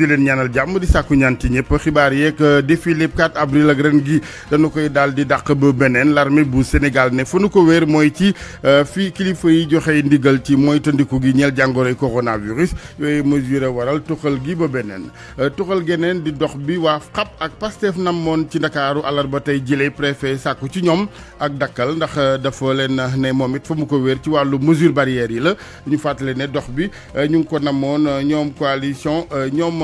di leen ñaanal jàmm di sàkku ñaan ci ñëpp xibaar yeeg euh, défilé 4 avril ak ren gi dañu koy daal di dàq ba beneen l'armée bu senegal ne fa nu ko wéer mooy ci euh, fii kilifa yi joxe ndigal ci mooy tëndiku gi ñeel jàngoroy coronavirus yooyu mesure waral tuxal gi ba beneen euh, tuxal geneen di dox bi waa xap ak Pastef namoon ci ndakaaru ba tey jëlee préfet sàkku ci ñoom ak dakkal ndax dafa leen ne moom it fa mu ko wéer ci wàllu mesure barrière yi la ñu fàttale ne dox bi ñu ngi ko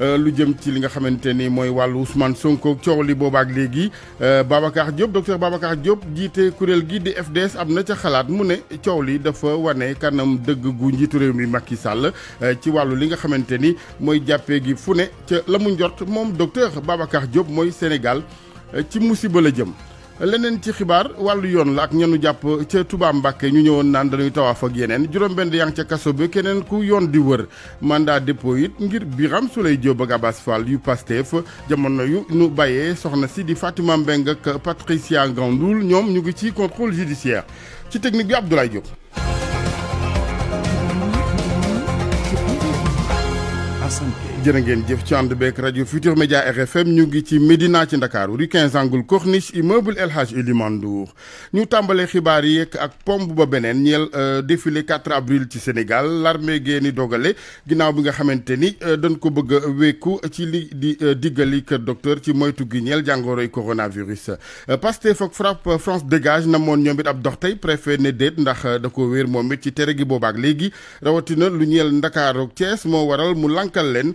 Euh, lu jëm ci li nga xamante ni mooy wàllu Ousmane Sonko coow li boobaak léegi euh, Babacar Diop docteur Babacar Diop jiite kuréel gi di FDS am na ca xalaat mu ne coow dafa wane kanam dëgg gu njiitu réew mi Macky Sall euh, ci wàllu li nga xamante ni mooy jàppee gi fu ne ca la mu njort moom docteur Babacar Diop mooy Sénégal ci musiba la jëm leneen ci xibaar wàllu yoon la ak ñanu jàpp ca Touba Mbàkke ñu ñëwoon naan dañuy tawaaf ak yeneen juróom-benn yaa ngi ca kaso bi ku yoon di wër mandat dépôt ngir Biram Le yu Pastef jamono yu nu bàyyee soxna Fatima Mbeng ak Patricia ñoom ñu ngi ci contrôle judiciaire ci technique bi Abdoulaye jërë ngeen jëf ci ànd beek rajo Futur Média RFM ñu ngi ci Médina ci Ndakaaru rue 15 angle Corniche immeuble El Hadj Elimane Ndour ñu tàmbalee xibaar yi yegg ak pomb ba beneen ñeel euh, défilé 4 avril ci Sénégal l'armée géeni dogale ginnaaw bi nga xamante ni euh, dañ ko bëgg a wékku ci li di euh, diggali kër docteur ci moytu gi ñeel jàngoroy coronavirus. Pastef foog FRAPP France dégage na moon ñoom it ab dox tey préfet ne déet ndax da ko wéer moom it ci tere gi boobaak léegi rawatina lu ñeel Ndakaaru ak moo waral mu lankal leen.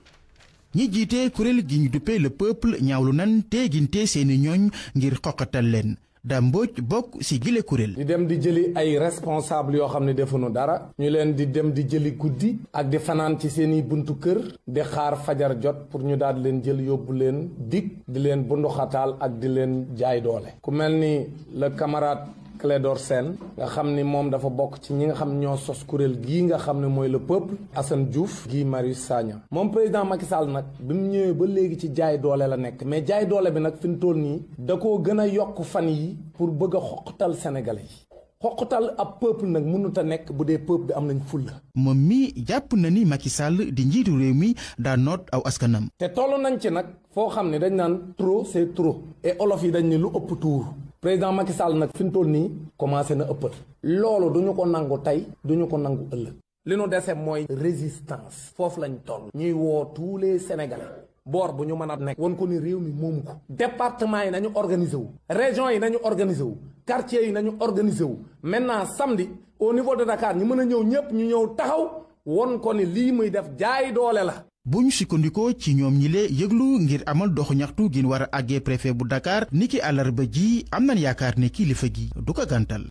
ñi jiite kuréel gi ñu duppee le peuple ñawlu nan teeginte seeni ñooñ ngir xoqatal leen damboj bokk si gile kuréel di dem di jëli ay responsable yoo xam ne defuñu dara ñu leen di dem di jëli guddi ak di fanaan ci seeni buntu kër di xaar fajar jot pour ñu daal di leen jël yóbbu leen dig di leen bunduxataal ak di leen jaay doole ku mel ni le camarade Clédor Sène nga xam ni moom dafa bokk ci ñi nga xam ñoo sos kuréel gii nga xam ne mooy le peuple Assane Diouf Guy Marius Sagna moom président Macky Sall nag bi mu ñëwee ba léegi ci jaay doole la nekk mais jaay doole bi nag fi mu toll nii da koo gën a yokk fan yi pour bëgg a xoqatal Sénégalais yi xoqatal ab peuple nag mënut a nekk bu dee peuple bi am nañ fulla moom mii jàpp na ni Macky Sall di njiitu réew mi daa noot aw askanam. te toll nañ ci nag foo xam ne dañ naan trop c'est trop olof yi dañ lu ëpp tuur président Macky Sall nag fi mu toll nii commencé na ëppal loolu du ñu ko nangu tey du ñu ko nangu ëllëg li nu dese mooy résistance foofu lañ toll ñuy woo tous les sénégalais boor bu ñu mën a nekk wan ko ni réew mi moomu ko département yi nañu organiser wu région yi nañu organiser wu quartier yi nañu organiser wu maintenant samedi au niveau de Dakar ñu mën a ñëw ñëpp ñu ñëw taxaw won ko ni lii muy def jaay doole la bu ñu sukkandikoo ci ñoom ñile yëglu ngir amal doxu ñaxtu gin war a àggee préfet bu Dakar niki àllarba ji am na yaakaar ne kilifa gi du ko gàntal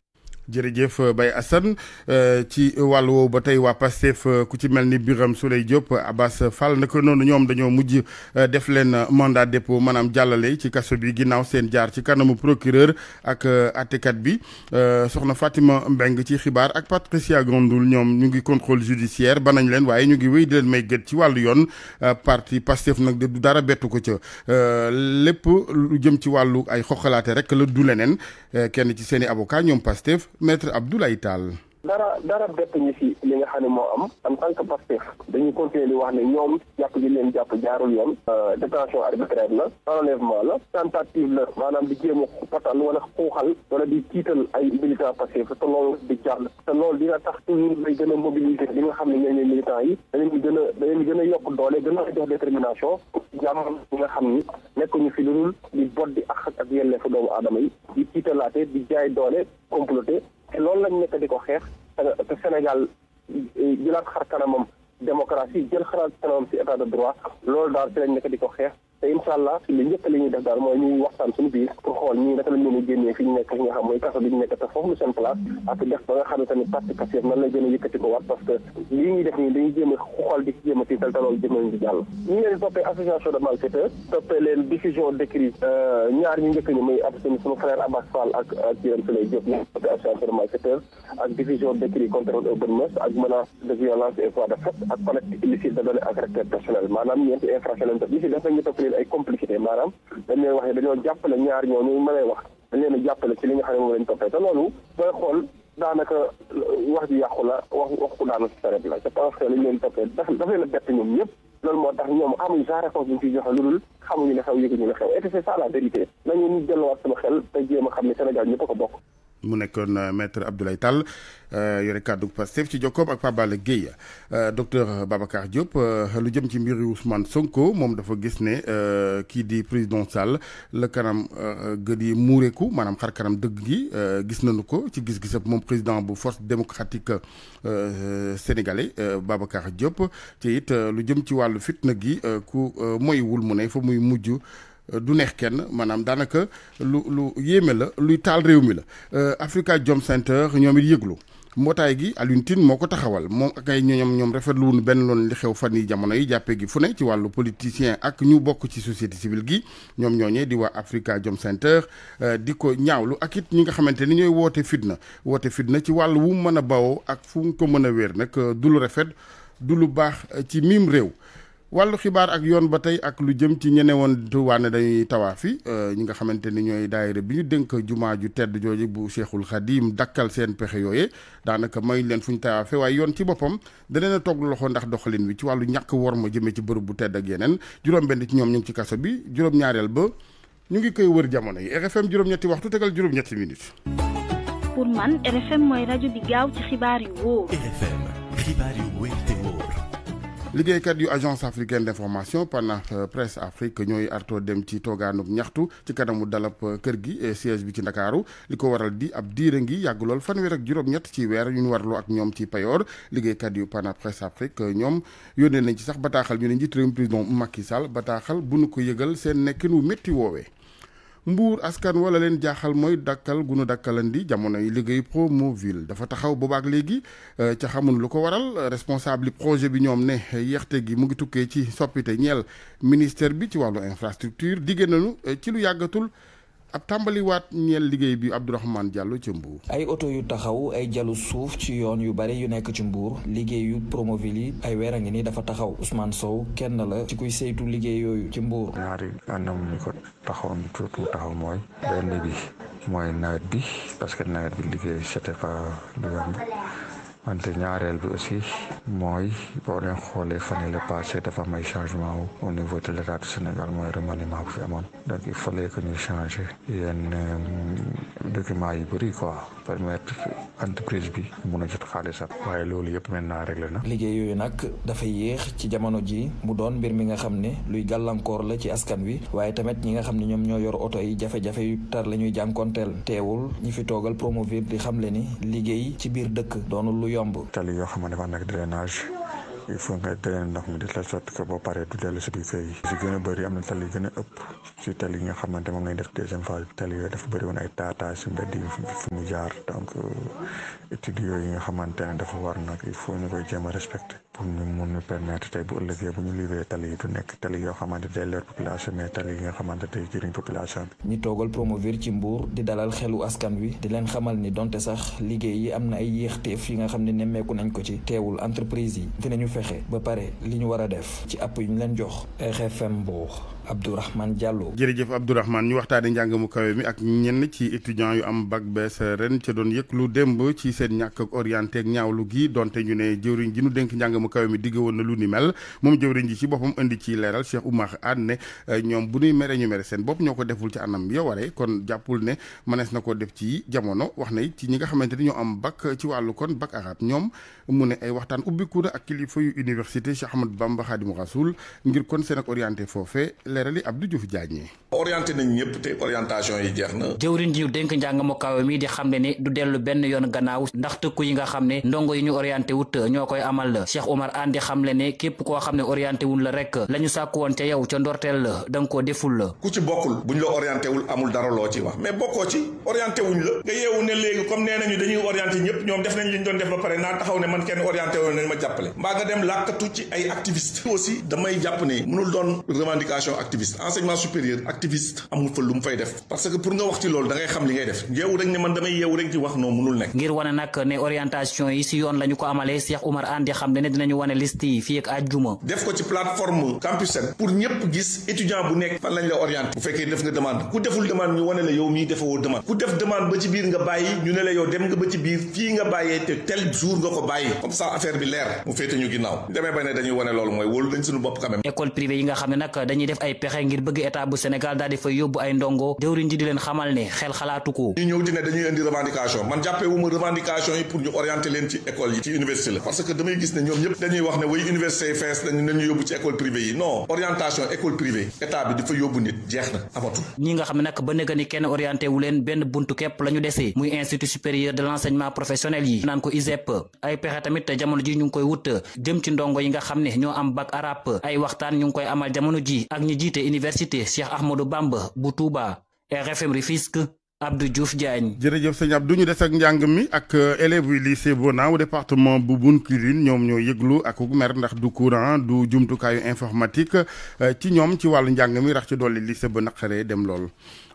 jërëjëf euh, bay Assane euh, ci wàll woowu ba tey waa Pastef euh, ku ci mel ni Birame Souleye Diop Abass Fall naka noonu ñoom dañoo mujj def leen mandat dépôt maanaam jàllale ci kaso bi ginnaaw seen jaar ci kanamu procureur ak àttekat bi soxna Fatima Mbeng ci xibaar ak Patricia Gondoul ñoom ñu ngi contrôle judiciaire banañ leen waaye ñu ngi wéy di leen may gët ci wàllu yoon parti Pastef nag du dara bettu ko ca lépp lu jëm ci wàllu ay xoxalaate rek la du leneen kenn ci seen i avocat ñoom Pastef Maître Abdoulaye Tal. dara dara bett ñu fi li nga xam ne moo am en tant que Pastef dañuy continuer di wax ne ñoom jàpp gi leen jàpp jaarul yoon euh, détention arbitraire la enlèvement la tentative la maanaam di jéem a patal wala xuuxal wala di tiital ay militant Pastef te loolu di jàll te loolu dina tax toujours lay gën a mobiliser li nga xam ne ñooy militants yi daleen di gën a daleen gën a yokk doole gën a jox détermination jàmm ñi nga xam ni nekkuñu fi lu dul di bot di ak ak yelleefu doomu aadama yi di tiitalaate di jaay doole comploté te loolu lañ nekk di ko xeex te Sénégal jëlaat xar kanamam démocratie jël xar kanamam ci état de droit loolu daal ci lañ nekk di ko xeex te incha allah njëkk li ñuy def daal mooy ñu waxtaan suñu biir pour xool ñii naka lañ nekk fi foofu lu seen place ak def ba nga xam ne tamit parti Pastef nan la gën yëkkati ko waat parce que lii def nii dañuy jéem xool di jéem a tiital association de malfaiteurs toppee leen diffusion d'écrits euh, ñaar ñu njëkk ñi muy ab suñu suñu Abbas Fall ak ak Birame de malfaiteurs ak diffusion d'écrits contre les bonnes mœurs ak menace de violence et voies leen ay complicité maanaam dañ leen wax ne dañoo jàppale ñaar ñooñu ma lay wax dañ leen a jàppale ci li nga xam ne moom lañ toppee te loolu booy xool daanaka wax ji yàqu la wax wax ku daanu si sareet la je pense que liñ leen toppee daf daf leen a bett ñoom ñëpp loolu moo tax ñoom amuñu sa réponse bu ñu ciy joxe lu dul xamuñu ne xew yëguñu ne xew et c'est ça la vérité nañu ñu delluwaat sama xel te jéem a xam ne Sénégal ñëpp a ko bokk mu nekkoon euh, maître Abdoulaye Tall euh, yore kàddu Pastef ci jokkoom ak Pape Balla Guèye euh, docteur Babacar Diop lu jëm ci mbiru Ousmane Sonko moom dafa gis ne kii di président Sall le kanam gën yi muureeku maanaam xar kanam dëgg gi gis nañu ko ci gis-gisab moom président bu force démocratique sénégalais Babacar Diop. te it lu jëm ci wàllu fitna gi ku moywul mu ne fa muy mujj du neex kenn maanaam daanaka lu lu yéeme la luy taal réew mi la euh, Africa Jom Center ñoom it yëglu mbootaay gi aluntine Tine moo ko taxawal moom ak ay ñoñom ñoom rafetlu wuñu benn loon li xew fan yi jamono yi jàppee gi fu ne ci wàllu politicien ak ñu bokk ci société civile gi ñoom ñooñee di waa Africa Jom Center euh, di ko ñaawlu ak it ñi nga xamante ni ñooy woote fitna woote fitna ci wàllu wu mu mën a bawoo ak fu ko mën a wéer nag euh, du lu rafet du lu baax ci mim réew wàllu xibaar ak yoon ba tey ak lu jëm ci ñene woon Tuubaa ne dañuy tawaafi euh, ñi nga xamante ni ñooy daayira bi ñu dénk jumaa ju tedd jooju bu seexul Cheikhul Khadim dakkal seen pexe yooye daanaka may leen fu ñu tawaafe waaye yoon ci boppam danañ a toog loxo ndax doxalin wi ci wàllu ñàkk wor ma jëmee ci bërëb bu tedd ak yeneen juróom-benn ci ñoom ñu ngi ci kaso bi juróom-ñaareel ba ñu ngi koy wër jamono yi RFM juróom-ñetti waxtu tegal juróom-ñetti minutes. liggéeykat yu agence africaine d'information PANAF euh, presse Afrique ñooy arto dem ci toogaanub ñaxtu ci kanamu dalab euh, kër gi siège bi ci ndakaaru li ko waral di ab diire ngi yàgg lool fanweer ak juróom-ñett ci weer yu ñu warloo ak ñoom ci payoor liggéeykat yu PANAF presse Afrique euh, ñoom yónnee nañ ci sax bataaxal ñu ne njiit réew président Macky Sall bataaxal bu nu ko yëgal seen nekkin wu métti woowee mbuur askan wala leen jaaxal mooy dakkal gunu dakkalandi jamono yi liggéey Promoville dafa taxaw boobaak léegi euh, ca xamul lu ko waral responsable projet bi ñoom ne yeexte gi mu ngi tukkee ci soppite ñeel ministère bi ci wàllu infrastructure diggé nañu euh, ci lu yàggatul ak tàmbaliwaat ñeel liggéey bi Abdourahmane Diallo ci Mbour. ay oto yu taxaw ay jalu suuf ci yoon yu bari yu nekk ci Mbour liggéeyu Promoville yi ay weer a ngi nii dafa taxaw Ousmane Sow kenn la ci kuy saytu liggéey yooyu ci Mbour. ñaari anam ñu ko taxaw tuuti taxaw mooy benn bi mooy nawet bi parce que nawet bi liggéey c'était pas lu yomb wante ñaareel bi aussi mooy boo xoolee fan yii la passé dafa am ay changement au niveau de l' état du Sénégal mooy remaniement bu fi amoon donc il fallait que ñu changé yenn documents yu bëri quoi permettre entreprise bi mu a jot xaalisam waaye loolu yëpp maintenant réglé na. liggéey yooyu nag dafa yéex ci jamono ji mu doon mbir mi nga xam ne luy gàllankoor la ci askan wi waaye tamit ñi nga xam ne ñoom ñoo yor oto yi jafe-jafe yu tar la ñuy jànkonteel teewul ñi fi toogal Promoville di xamle ni liggéey ci biir dëkk yomb. a yoo xam il faut nga drainer ndox mi de telle sorte que boo paree du dellu yi. nga xamante moom lañ def deuxième phase si mbedd fu mu jaar donc euh, études yooyu nga xamante ne dafa war nag il faut ñu koy jéem a respecté pour ñu mun ñu permettre tey bu ëllëgee bu ñu livré tali yi du nekk tali yoo xamante day leer population mais tali yi nga xamante tey jëriñ population bi. ñu toogal Promovilles ci Mbour di dalal xelu askan wi di leen xamal ni donte sax liggéey yi am na ay yéexteef yi nga xam ne nemmeeku nañ ko ci teewul entreprise yi fexe ba pare li ñu war a def ci app yi leen jox RFM Mbour Abdourahmane Diallo. jërëjëf Abdourahmane ñu waxtaanee njàngamu mu kawe mi ak ñenn ci étudiants yu am bag bees ren ca doon yëg lu demb ci seen ñàkk ak orienté ak ñaawlu gi donte ñu ne jëwriñ ji nu dénk njàng mi digg woon na lu ni moom jëwriñ ji ci boppam indi ci leeral Cheikh Oumar Anne ne euh, ñoom bu ñuy mere ñu mere seen bopp ñoo ko deful ci anam yo kon jàppul ne mënees na ko def ci jamono wax na ci ñi nga xamante ni ñoo am bac ci wàllu kon bac ñoom mu ne ay waxtaan ubbiku na ak kilifa yu université Cheikh Ahmad Bamba Khadimu Rasoul ngir kon seen ak orienté foofee leerali Abdou Diouf Diagne. orienté nañ ñëpp te orientation yi jeex na. jëwriñ ji ñu dénk njàng mu kawe mi di xam ne ni du dellu benn yoon gannaaw ndax tëkku yi nga xam ne ndongo yi ñu orienté wut ñoo koy amal la képp koo xam ne orienté wul la rek la ñu woon ca yow ca ndorteel la da nga deful la. ku ci bokkul buñ la orienté wul amul dara loo ci wax mais bokkoo ci orienté wuñ la. nga yeewu ne léegi comme nee nañu dañuy orienté ñëpp ñoom def nañ li ñu doon def ba pare naa taxaw ne man kenn orienté ma jàppale mbaa nga dem làkkatu ci ay activiste activiste enseignement supérieur activiste amul fa lu mu fay def parce que pour nga wax loolu da xam li ngay def yeewu rek ne man damay yeewu rek ci wax non mënul demee ba ne dañuy wane loolu mooy wóolu dañ suñu bopp quand école privée yi nga xam ne nag dañuy def ay ay pexe ngir bëgg état bu Sénégal daal di fay yóbbu ay ndongo jëwriñ ji di leen xamal ne xel xalaatu ko ñu ñëw di dañuy indi revendication man jàppee wu ma yi pour ñu orienter leen ci école yi ci université la parce que damay gis ne ñoom ñëpp dañuy wax ne way université yi fees nañu yóbbu ci école privée yi non orientation école privée état bi di fa yóbbu nit jeex na amatul ñi nga xam ne nag ba nekk kenn orienté leen benn buntu képp jiite université Cheikh Ahmadou Bamba bu Touba RFM Rufisque Abdou Diouf Diagne. jërëjëf sëñ du ñu des ak njàng mi ak euh, élèves yu lycée Bonaw département bu Bounkiling ñoom ñoo yëglu ak mer ndax du courant du jumtukaayu informatique euh, ci ñoom ci wàllu njàng mi rax ci dolli lycée ba naqaree dem lool.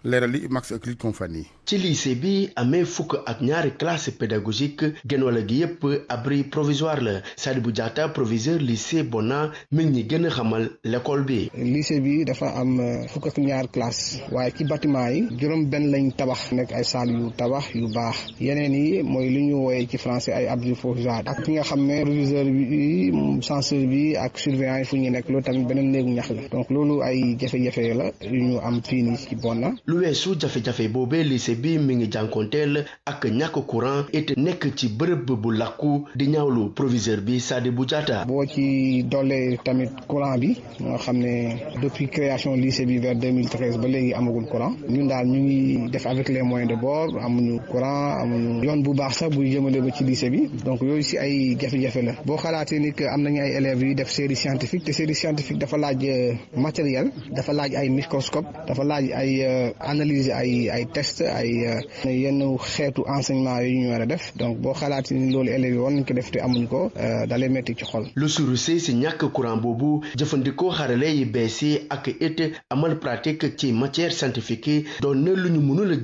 leeral Max ak Luc Compagnie ci lycée bi amé fukk ak ñaari classe pédagogique genn wala gi yépp abri provisoire la Sadibou diata proviseur lycée Bona mi ni ñi gën xamal l'école bi lycée bi dafa am euh, fukk ak ñaar classe waye ci bâtiment yi juróom ben lañ tabax nek ay salle yu tabax yu baax yeneen yi moy lu ñu woyé ci français ay abri provisoire ak ki nga xam ne proviseur bi censeur bi ak surveillant fu ñu nekk loolu tam beneen néegu ñax la donc lolu ay jafe-jafe la ñu am fini ci Bona lu weesu jafe-jafe boobee lycée bi mi ngi jànkonteel ak ñàkk courant it nekk ci bërëb bu làkku di ñaawlu proviseur bi Sadibou Diatta. boo ci dollee tamit courant bi nga xam ne depuis création lycée bi vers 2013 ba léegi amagul courant ñun daal ñu ngi def avec les de bord amuñu courant amuñu yoon bu baax sax buy jëmale ba ci lycée bi donc yooyu si ay jafe-jafe la boo xalaatee ni que am nañu ay élèves yu def série scientifique te série scientifique dafa laaj euh, matériel dafa laaj ay microscope dafa laaj ay euh, analyser ay ay test ay euh, yenn xeetu enseignement yu ñu wara def donc bo xalaati ni loolu élèves won war ko def te amuñ ko euh, dalee metti ci xol. le suru si ci ñàkk courant bobu jëfëndiko xarale yi bees ak été amal pratique ci matière scientifique yi doon na lu ñu mënul a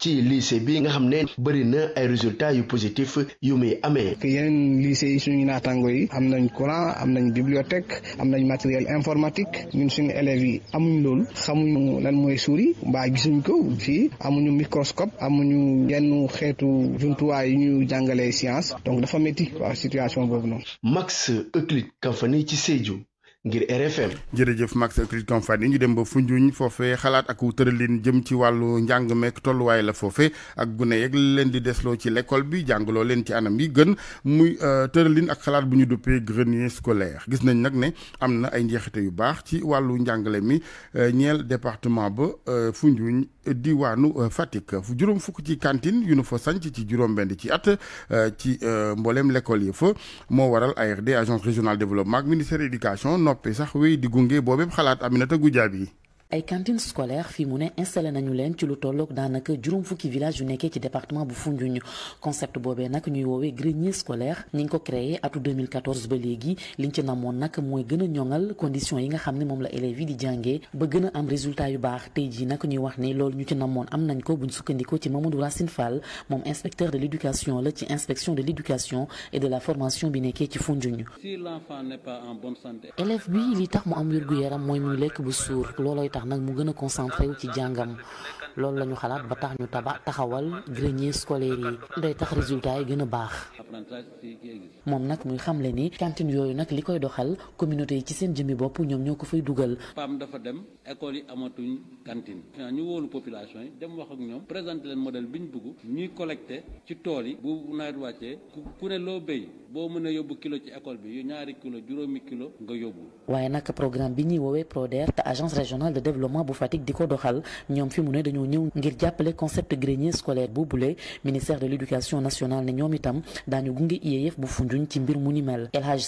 ci lycée bi nga xamné bari na ay résultats yu positif yu muy amee. yeen lycée suñu naataango yi amnañ courant amnañ bibliothèque amnañ matériel informatique ñun suñu élèves yi amuñ loolu xamuñu lan mooy suuri Touba gisuñ ko fii amuñu microscope amuñu yenn xeetu jumtuwaay yu ñu jàngalee science donc dafa métti situation boobu noonu. Max Euclide Kamfani ci Sédhiou ngir RFM. jërëjëf Max Cric Company ñu dem ba Foundiougne foofee xalaat ak tëralin jëm ci wàllu njàng meek tolluwaay la foofe ak gune yeeg leen di desloo ci l'école bi jàngaloo leen ci anam yi gën muy euh, tëralin ak xalaat bu ñu duppee grenier scolaire gis nañ nag ne am na ay njeexite yu baax ci wàllu njàngale mi euh, ñeel département ba euh, Foundiougne diwaanu euh, Fatick juróom fukk ci cantine yu nu fa sanc ci juróom benn ci at euh, ci euh, mboolem l'école yi fa moo waral ARD agence régionale développement ak ministère éducation noppi sax wéy di gunge boobépp xalaat Aminata yi ay cantine scolaire fii mu ne installé nañu leen ci lu tolloog daanaka juróom fukki village yu nekkee ci département bu Foundiougne concept bobé. nak ñuy woowee grenier scolaire ñi ngi ko tout 2014 ba léegi liñ ci namoon nag mooy gën a ñoŋal conditions yi nga xam ne la élèves di jàngee ba am résultat yu baax tey nak nag ñuy wax ni loolu ñu ci am nañ ko buñ sukkandikoo ci Mamadou Racine Fall mom inspecteur de l'éducation la ci inspection de l'éducation et de la formation bi nekkee ci Foundiougne. Si l'enfant n'est pas en bonne santé. élève bi li tax mu am wér yaram mooy muy lekk bu tax nag mu gën a concentré wu ci jàngam loolu la ñu xalaat ba tax ñu tabax taxawal grenier scolaire yi day tax résultat yi gën a baax moom nag muy xamle ni cantine yooyu nag li koy doxal communauté yi ci seen jëmmi bopp ñoom ñoo ko fay dugal PAM dafa dem école amatuñ cantine ñu wóolu population yi dem wax ak ñom présenter modèle biñ ñu bëgg ñuy collecté ci tool yi bu nawet wàccee ku ne lo bo mëna yobbu kilo ci école bi yu ñaari kilo kilo nga yobbu waye nak programme bi ñi wowe PRODER agence régionale de développement bu Fatick diko ko doxal ñoom fi mu ne dañu ñew ngir jàppale concept grenier scolaire bu bulé ministère de l'éducation nationale ne ñom itam dañu gungi IEF bu Foundiougne ci mbir mu ni mel El Hadj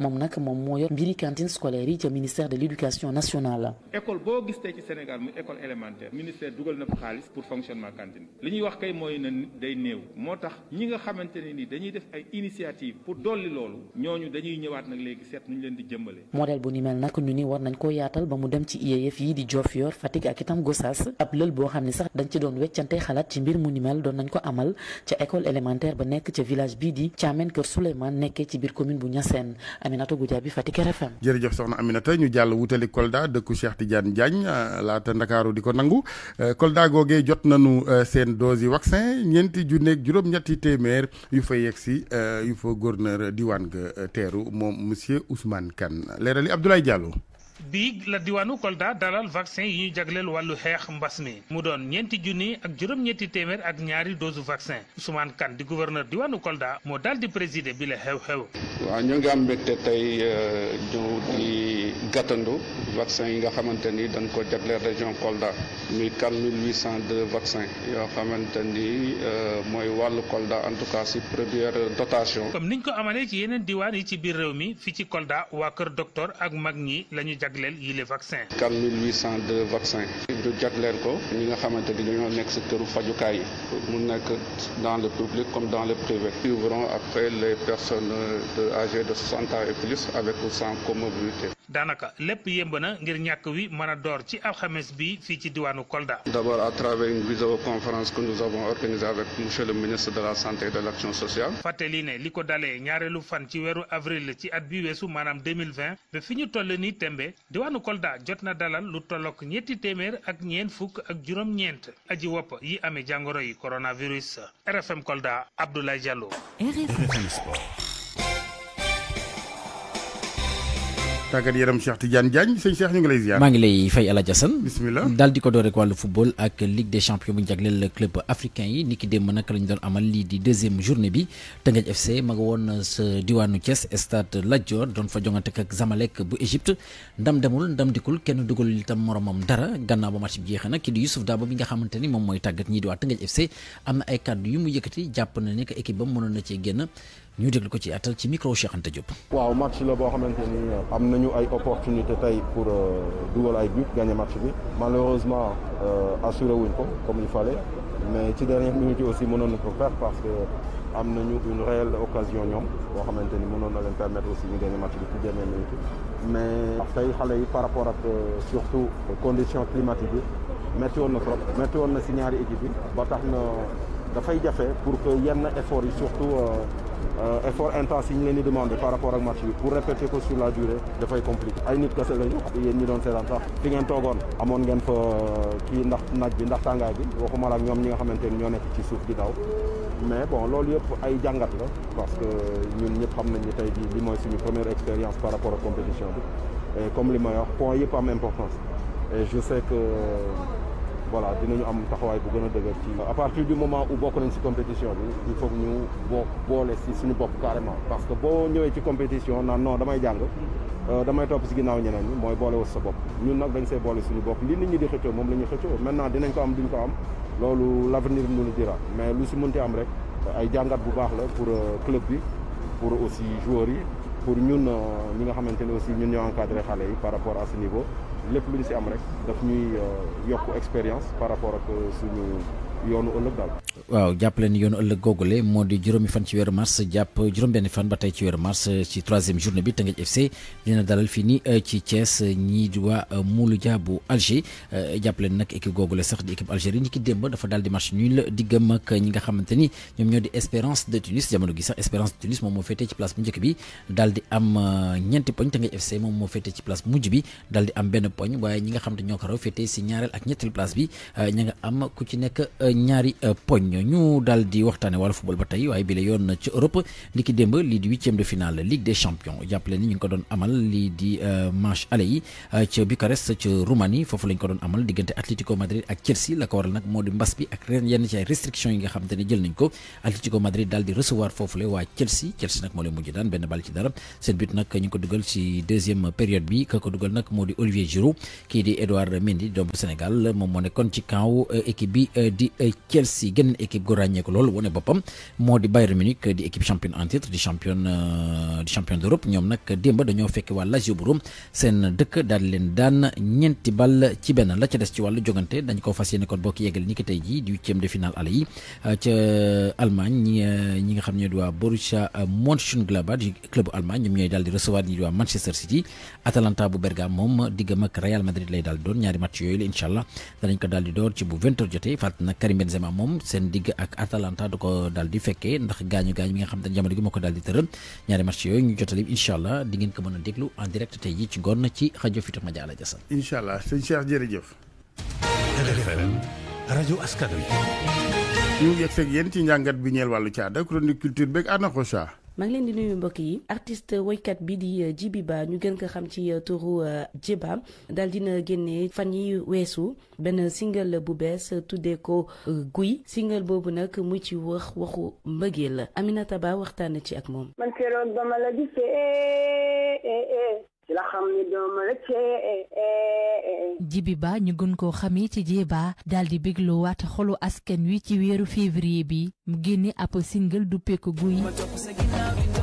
mom nak mom moom mbiri cantine scolaire yi ci ministère de l'éducation nationale école boo gis tey ci Sénégal muy école élémentaire ministère dugal na fa xaalis pour fonctionnement cantine li ñuy wax kay mooy na day néew moo tax ñi nga xamante ne ni dañuy def ay initiative pour dolli loolu ñooñu dañuy ñëwaat nag léegi seet nu ñu leen di jëmbale. modèle bu ni nag ñu ni war nañ koo yaatal ba mu dem ci IEF yi di Diofior Fatick ak itam Gossas ab lël boo xam ne sax dañ ci doon weccante xalaat ci mbir mu ni doon nañ ko amal ca Tidiane Diagne euh, laata Ndakaaru di ko nangu euh, Kolda googee jot nañu euh, seen dose yi vaccin ñeenti junneeg juróom-ñetti téeméer yu fa yegg si yu fa gouverneur diwaan ga teeru moom monsieur Ousmane Kane leerali Abdoulaye Diallo. bi la diwaanu Kolda dalal vaccin yi ñu jagleel wàllu xeex mbas mi mu doon ñeenti junni ak juróom-ñetti téeméer ak ñaari dose vaccin Ousmane Kane di gouverneur diwaanu Kolda moo daal di présider bi la xew-xew. waaw ñu ngi am mbégte tey euh, ñu di gàttandu vaccin yi nga xamante ni dañ ko jagleel région Kolda muy 4802 vaccin yoo xamante ni euh, mooy wàllu Kolda en tout cas si première dotation. comme niñ ko amalee ci yeneen diwaan yi ci biir réew mi fii ci Kolda waa 4800 vaccins. vaccins. vaccin 4802 vaccins nous jagleel dans le public comme dans le privé Nous verrons après les personnes âgées de 60 ans et plus avec ou sans comorbidité daanaka lépp yemb na ngir ñàkk wi mën a door ci alxames bi fii ci diwaanu Kolda. d'abord à travers une visioconférence que nous avons organisée avec monsieur le ministre de la santé de l'action sociale. fàttali ne li ko dalee ñaareelu fan ci weeru avril ci at bi weesu maanaam 2020 ba fi ñu toll ni tembe diwaanu Kolda jot na dalal lu tollook ñetti téeméer ak ñeent fukk ak juróom-ñeent aji wopp yi amee jàngoro yi coronavirus RFM Kolda Abdoulaye Diallo. RFM Sport. tàggat yaram Cheikh Tidiane Diagne sëñ Cheikh ñu maa ngi lay fay El Hadj di ko door rek wàllu football ak Ligue des champions bu ñu jagleel club africain yi niki démb nag la doon amal lii di deuxième journée bi Teungueth FC ma nga woon sa diwaanu Thiès stade Lat Dior doon fa jongante ak Zamalek bu Égypte ndam demul ndam dikul kenn dugal itam moromam dara gannaaw ba match bi jeexee na kii di Youssouf Dabo bi nga xamante ni moom mooy tàggat ñii di waa Teungueth FC am na ay kàddu yu mu yëkkati jàpp na n que équipe ba mënoon na cee ñu déglu ko ci atal ci micro Cheikh Diop. waaw match la boo xamante ni am nañu ay opportunité tey pour euh, dugal ay but gagner match bi malheureusement euh, assuré wuñ ko comme il fallait mais ci dernière minute aussi mënoon na ko faire parce que am nañu une réelle occasion ñoom boo xamante ni mënoon na leen permettre aussi ñu gagner match bi ci dernière minute mais tey xale yi par rapport ak euh, surtout conditions climatiques bi metti woon na trop metti woon na si ñaari équipe yi ba tax na dafay jafe pour que yenn effort yi surtout. Euh, effort intense yi ñu leen di demandé par rapport ak match bi pour répéter ko sur la durée dafay compliqué ay nit kese lañu yéen ñi doon seetaan sax fi ngeen toogoon amoon ngeen fa euh, kii ndax naaj bi ndax tàngaay bi waxuma la ak ñoom ñi nga xamante ni ñoo nekk ci suuf di daw mais bon loolu yëpp ay jàngat la parce que ñun ñëpp xam nañ ni tey jii li mooy suñu première expérience par rapport ak compétition bi et comme li may wax point yëpp am importance et je sais que voilà nous avons à partir du moment où vous nañ une compétition il faut que nous carrément parce que compétition non si euh, nous ñeneen ñi compétition, nous wut sa bopp ñun nag Nous nous suñu bopp li avons ñi di maintenant nous ko am duñ ko nous le dira mais lu sommes est am rek ay jàngat bu pour euh, club pour aussi joueurs pour nous, euh, nous nga aussi par rapport à ce niveau les plus de ces il y a une expérience par rapport à ce que nous yoonu ëllëg daal. waaw jàppale ni yoonu ëllëg googule moo di juróomi fan ci weeru mars jàpp juróom-benn fan ba tey ci weeru mars eh, ci troisième journée bi Teungueth FC dina dalal fii eh, eh, bu Alger jàppale nag équipe googule sax di équipe algérie ñi ki démb dafa daal di match nul diggam ak ñi nga xamante ni ñoom ñoo di Espérance de Tunis jamono gi sax Espérance de Tunis moom moo féetee ci place bu njëkk bi daal di am ñeenti poñ Teungueth FC moom moo féetee ci place mujj bi daal am ñaari euh, poñ ñu daal di waxtaane wàllu football ba tey waaye bi la yoon ci Europe li de finale Ligue des champions jàppale ni ñu ko doon amal lii di euh, match aller euh, ca Bucarest ca Roumanie foofu la ko doon amal diggante Atlético Madrid ak Chelsea la ko waral nag moo di mbas bi ak yenn ci ay yi nga xam te ne jël nañ ko Atlético Madrid daal di recevoir foofule waa Chelsea Chelsea nag moo leen mujj daan benn bal ci dara seen but nag ñu ko dugal Eh, Chelsea gën équipe gu ràññeeku lool wane boppam di Bayern Munich di équipe champion en titre di Champion euh, di champion d'Europe ñom nak demba dañu fekk wa Lazio bu Rome sen dëkk dal leen daan ñenti ball ci ben la ci dess ci walu jogante dañ ko fas kon boo ni ki di huitième de finale aller yi euh, ci Allemagne ñi euh, ñi nga xamné do Borussia Mönchengladbach di club Allemagne ñom ñoy dal di recevoir ñi di Manchester City Atalanta bu Bergamo mom ak Real Madrid lay dal doon ñaari match yoy la incha allah ko dal di door ci bu 20h jotté fat nak Karim Benzema moom seen digg ak Atalanta du ko daal di fekkee ndax gaañu gaañu bi nga xam te ne gi moo ko daal di tëral ñaari match ñu jotalim incha allah ko mën a déglu en direct tey ci ngoon ci rajo Futurs Médias Alla Diassane. incha allah sëñ Cheikh jërëjëf. maa leen di nuyu mbokk yi artist woykat bi di euh, Djiby ñu gën ko xam ci euh, turu euh, Djeba daal dina génne fan yi weesu benn single bu bees tuddee ko guy single boobu nag mu ci wax waxu la Aminata Ba waxtaan ci ak moom. man keroog ba eh, eh, eh, xam ni xamee ci Djeba daal di bégluwaat xolu askan wi ci weeru février bi mu génne ab single du pekk guy. love you.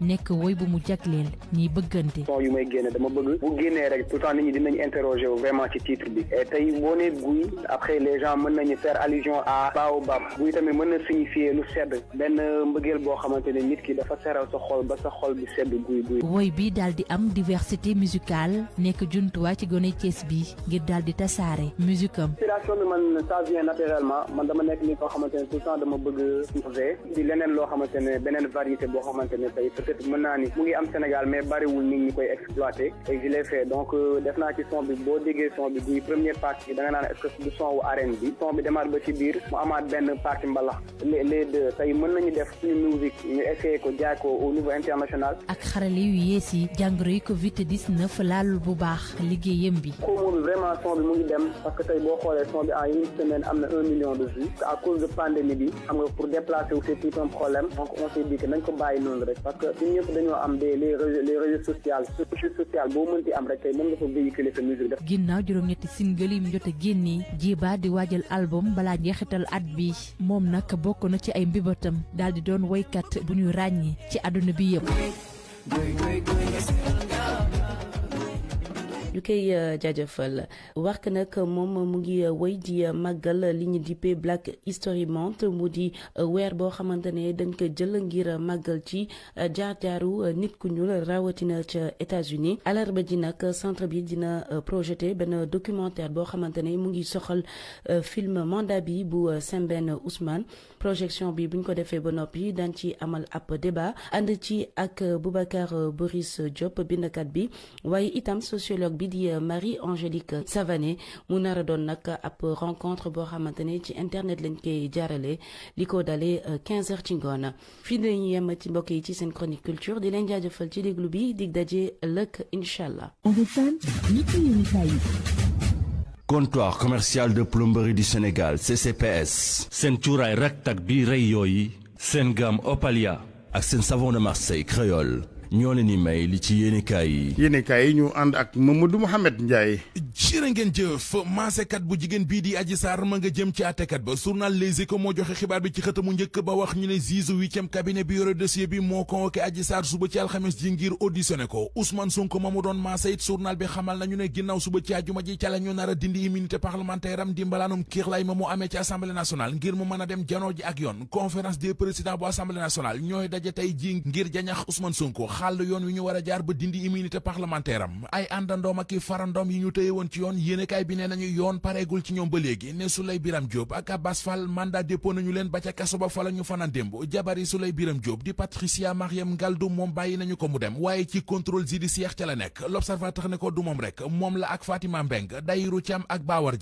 nekk woy bu mu jagleel ñiy bëggante. son yu may génne dama bëgg. bu génnee rek tout temps nit ñi dinañ interroger wu vraiment ci titre bi. et tey boo nee guy après les gens mën nañu faire allusion à baobab guy tamit mën na signifier lu sedd benn mbëggeel boo xamante ne nit ki dafa seral sa xol ba sa xol bi sedd guy guy. woy bi daal di am diversité musicale nekk jumtuwaay ci gone Thiès bi ngir daal di tasaare musique am. inspiration bi man ça vient naturellement man dama nekk ni koo xamante ne tout temps dama bëgg di leneen loo xamante ne beneen variété boo xamante ne tey être mën naa ni mu ngi am Sénégal mais bariwul nit ñi koy exploité et je l'ai fait donc euh, def naa ci son bi boo déggee son bi buy premier partie da nga naan est-ce que du son wu arène bi son bi demaat ba ci biir mu amaat benn partie mbalax les les deux tey mën nañu def suñu musique ñu essayé ko jaay ko au niveau international. ak xarale yu yees yi jàngoro yi Covid 19 laalul bu baax liggéeyam bi. xamoon vraiment son bi mu ngi dem parce que tey boo xoolee son bi en une semaine am na un million de vues à cause de pandémie bi xam nga pour déplacer wu c'est tout un problème donc on s'est dit que nañ ko bàyyi noonu rek parce que ñun ñëpp dañoo am des les les réseaux sociaux ginnaaw juróom-ñetti single mu jot a génni Jeeba di waajal album balaa jeexital at bi moom nag bokk na ci ay mbibatam daal di doon woykat bu ñuy ràññi ci àdduna bi yëpp. Luke koy wax nak mom mu ngi euh, way di euh, magal li Black History Month mu di euh, weer bo xamantene ne dañ ko jël ngir magal ci jaar nit ku États-Unis alarba di nak centre bi dina projeté ben documentaire bo xamantene mu ngi soxal film mandabi bu Ousman. Ben Ousmane projection bi buñ ko défé ba nopi amal app débat and ci ak Boubacar Boris Diop bindakat bi waye itam sociologue bi di euh, Marie-Angélique Savané mu nara a nak euh, ap rencontre bo xamantene ci internet lañ koy jaarale liko dalé 15 h ci ngoon fii dinañu yem ci mbokk yi ci sen chronique culture di leen jaajëfal ci déglu bi dig daje lëkk comptoir commercial de plomberie du Sénégal CCPS. seen et raktak bi yoyi Opalia. ak savon de Marseille créole. ñoo leen di may li ci yéenekaay yi. yéenekaay yi ñu ànd ak Mamadou Mouhamed Ndiaye. jërë ngeen jëf maasekat bu jigéen bii di Adji Sarr ma nga jëm ci àttekat ba journal Les Échos moo joxe xibaar bi ci xëta mu njëkk ba wax ñu ne juge huitième cabinet bi yore dossier bi moo convoqué Adji Sarr suba ci alxames ji ngir auditionné ko Ousmane Sonko ma mu doon maase it journal bi xamal nañu ne ginnaaw suba ci àjjuma ji ca la a dindi immunité parlementaire am dimbalaanum kiirlaay ma mu amee ci assemblée nationale mën a dem janoo ji ak yoon conférence des présidents bu ñooy daje tey ji ngir jañax Ousmane Sonko xàll yoon wi ñu war a jaar ba dindi immunité parlementaire am ay àndandoom ak i farandoom yi ñu tëye woon ci yoon yéenekaay bi nee nañu yoon pareegul ci ñoom ba léegi ne Souley Biram Diop ak Abbas Fall mandat dépôt nañu leen ba ca kaso ba fa ñu fanaan démb jabari Souley Biram Diop di Patricia Mariam Ngaldou moom bàyyi nañu ko mu dem waaye ci contrôle judiciaire ca la nekk l'observateur ne ko du moom moom la ak Fatima Mbeng Dayiru Thiam ak Bawar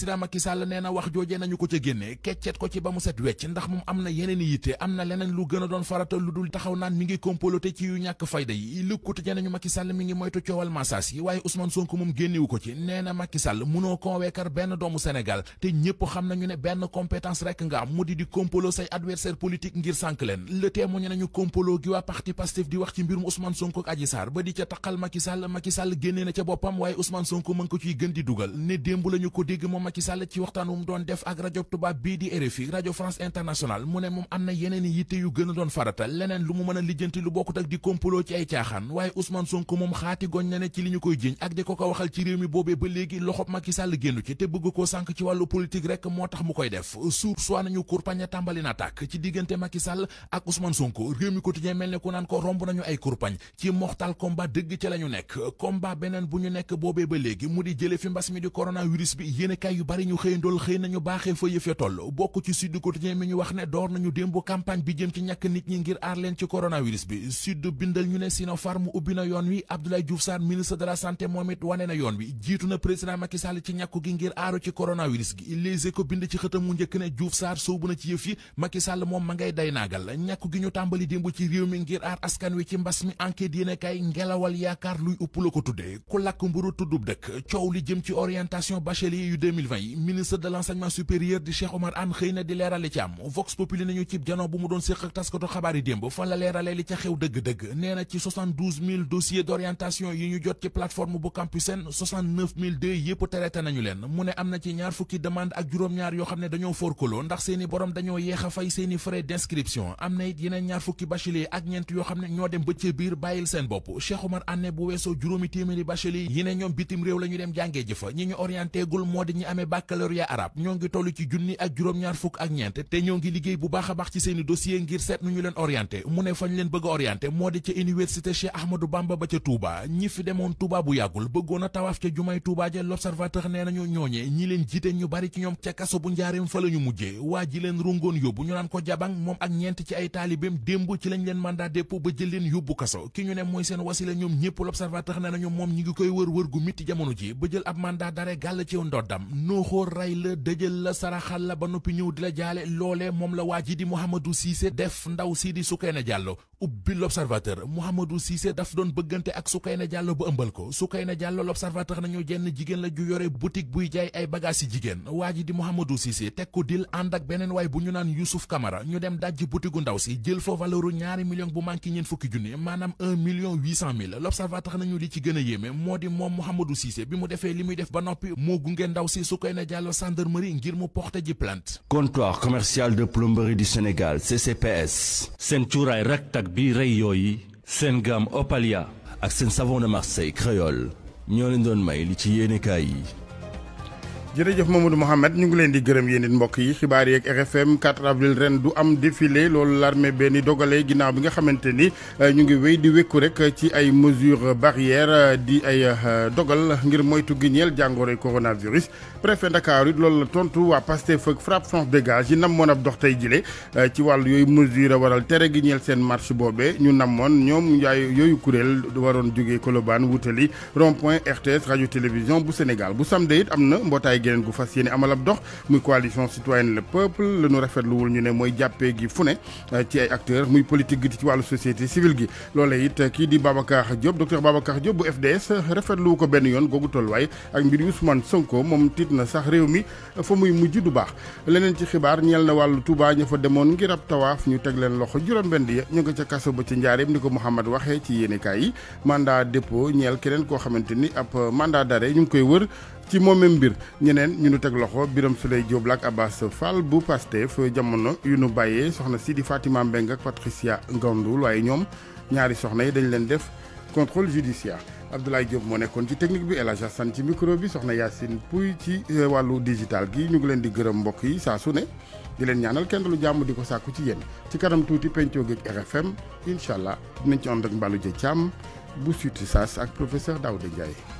président Macky Sall nee na wax joojee nañu ko ca génne keccet ko ci ba mu set wecc ndax moom am na yeneen yitte am na leneen lu gën doon farata lu dul taxaw naan mi ngi compoloté ci yu ñàkk fayda yi Le Quotidien nañu Macky Sall mi ngi moytu coowal massage yi waaye Ousmane Sonko moom génnewu ko ci nee na Macky Sall munoo convaincre benn doomu Sénégal te ñëpp xam nañu ne benn compétence rek nga am mu di di compolo say adversaire politique ngir sànk leen Le Témoin nañu compolo gi waa parti Pastef di wax ci mbirum Ousmane Sonko ak Adji Sarr ba di ca taqal Macky Sall Macky Sall génnee na ca boppam waaye Ousmane Sonko mën ko ciy gën di dugal ne démb lañu ko dégg moom Macky ci waxtaan wu mu doon def ak rajo tubaab bii di RFI rajo France Internationale mu ne moom am na yeneen i yitte yu gën a doon farata leneen lu mu mën a lu bokkut ak di kompaloo ci ay caaxaan waaye Ousmane Sonko moom xaati goñ na ne ci li ñu koy jiñ ak di ko ko waxal ci réew mi boobee ba léegi loxob Macky Sall ci te bëgg koo sànq ci wàllu politique rek moo tax mu koy def suur soit nañu kurpañ tàmbali na tàkk ci diggante Macky ak Ousmane Sonko réew yu bari ñu xëy ndool xëy nañu baaxee fa yëf ya toll bokk ci Sud Quotidien mi ñu wax ne door nañu démb campagne bi jëm ci ñàkk nit ñi ngir aar leen ci coronavirus bi Sud bindal ñu ne Sinopharm ubbi na yoon wi Abdoulaye Diouf Sarr ministre de la santé moom it wane na yoon wi jiitu na président Macky Sall ci ñàkku gi ngir aaru ci coronavirus gi Les Échos bind ci xëtam mu njëkk ne Diouf Sarr sóobu na ci yëf yi Macky Sall moom ma ngay day naagal ñàkku gi ñu tàmbali démb ci réew mi ngir aar askan wi ci mbas mi enquête yéene kay yaakaar luy upp la ko tuddee ku lakk mburu tuddub dëkk coow li jëm ci orientation bachelier yu 2020 2020 ministre de l'enseignement supérieur di Cheikh Omar Anne xëy na di leeral li ci am Vox Populi nañu cib janoo bu mu doon séq ak taskatu démb fa la leeralee ca xew dëgg-dëgg nee na ci 72 d'orientation yi ñu jot ci plateforme bu Campusen yépp traité nañu leen mu ne am na ci ñaar fukki demande ak juróom-ñaar yoo xam ne dañoo forkoloo ndax seeni borom dañoo yeex fay seeni frais d'inscription am na it yeneen ñaar fukki bachelier ak ñeent yoo xam ne ñoo dem ba ca biir bàyyil seen bopp Cheikh Omar Anne bu weesoo juróomi la ñu dem jàngee amee baccalauréat arabe ñoo ngi toll ci junni ak juróom-ñaar fukk ak ñeent te ñoo ngi liggéey bu baax a baax ci seeni dossier ngir seet nu ñu leen orienté mu ne fañ leen bëgg a orienté moo di ca université Cheikh Ahmadou Bamba ba ca Touba ñi fi demoon Touba bu yàggul bëggoon a tawaaf ca jumay Touba ja l'observateur nee nañu ñooñe ñi leen jiite ñu bari ci ñoom ca kaso bu njaareem fa la ñu waa ji leen rungoon yóbbu ñu naan ko jabang moom ak ñeent ci ay taalibeem démb ci lañ leen mandat dépôt ba jël leen yóbbu ki ñu mooy seen wasila ñoom ñëpp l'observateur nee nañu moom ñi ngi koy wër wër gu mitti jamono ji ba jël ab mandat d'arrêt gàll ci ndoddam noo nooxoo rey la dëjël la saraxal la ba noppi ñëw di la jaale loole moom la waa ji di Mouhamadou Cissé def ndaw sii di Soukeyna Diallo ubbi l'observateur Mouhamadou Cissé daf doon bëggante ak su Soukeyna Diallo ba ëmbal ko su Soukeyna Diallo l'observateur nañu jenn jigéen la ju yore boutique buy jaay ay bagages yi jigéen waa ji di Mouhamadou Cissé teg ko dil ànd ak beneen waay bu ñu naan Youssouf Camara ñu dem dajji boutique gu ndaw si jël fa valeuru ñaari million bu manqué ñeent fukki junni maanaam un million huit cent mille l'observateur nañu li ci gën a moo moom Mouhamadou Cissé bi mu defee li muy def ba noppi ndaw si Soukaina Diallo gendarmerie ngir mu porter ji plainte comptoir commercial de plomberie du Sénégal CCPS seen cuuraay raktak bi rey yooyu seen gamme Opalia ak seen savon de Marseille créole ñoo leen doon may li ci yéenekaay yi jërëjëf Mamadou Mohamed ñu ngi leen di gërëm yéen it mbokk yi xibaar yeeg RFM 4 avril ren du am défilé loolu l'armée benn dogalee ginnaaw bi nga xamante ni euh, ñu ngi wéy di wékku rek ci ay mesures barrières euh, di ay euh, dogal ngir moytu gi ñeel jàngoroy coronavirus. préfet Dakar it loolu la tontu waa Pastef ak Frapp France dégage yi namoon ab dox tey jile ci wàllu yooyu mesure waral tere gi ñeel seen marche boobee ñu namoon ñoom yaay yooyu kuréel waroon jógee Colobane wutali rond point RTS radio télévision bu Sénégal bu samedi it am na mbootaay waaye geneen gu fas yéene amal ab dox muy coalition citoyenne le peuple la ñu rafetluwul ñu ne mooy jàppee gi fu ne euh, ci ay acteurs muy politique gi ci wàllu société civile gi loolee it euh, kii di Babacar Diop docteur Babacar Diop bu FDS rafetlu ko benn yoon googu tolluwaay ak mbir Ousmane Sonko moom tiit na sax réew mi euh, fa muy mujj du baax leneen ci xibaar ñeel na wàllu Touba ña fa demoon ngir ab tawaaf ñu teg leen loxo juróom-benn ya ñu nga ca kaso ba ca njaareem ni ko Mouhamad waxee ci yéenekaay yi mandat dépôt ñeel keneen koo xamante ni ab mandat d'arrêt ñu ngi koy wër ci moomee mbir ñeneen ñu nu teg loxo biram Souleye Diop la ak Abass Fall bu Pastef jamono yu nu bàyyee soxna si di Fatima Mbeng ak Patricia Ngandoul waaye ñoom ñaari soxna yi dañu leen def contrôle judiciaire Abdoulaye Diop moo nekkoon ci technique bi El Hadj Assane ci micro bi soxna Yacine Pouy ci euh, wàllu digital gi ñu ngi leen di gërëm mbokk yi saa su ne di leen ñaanal kenn lu jàmm di ko sàkku ci yéen ci kanam tuuti pencoo geeg RFM incha allah dinañ ci ànd ak Mbalou Dia Thiam bu suite saas ak professeur Daouda Ndiaye.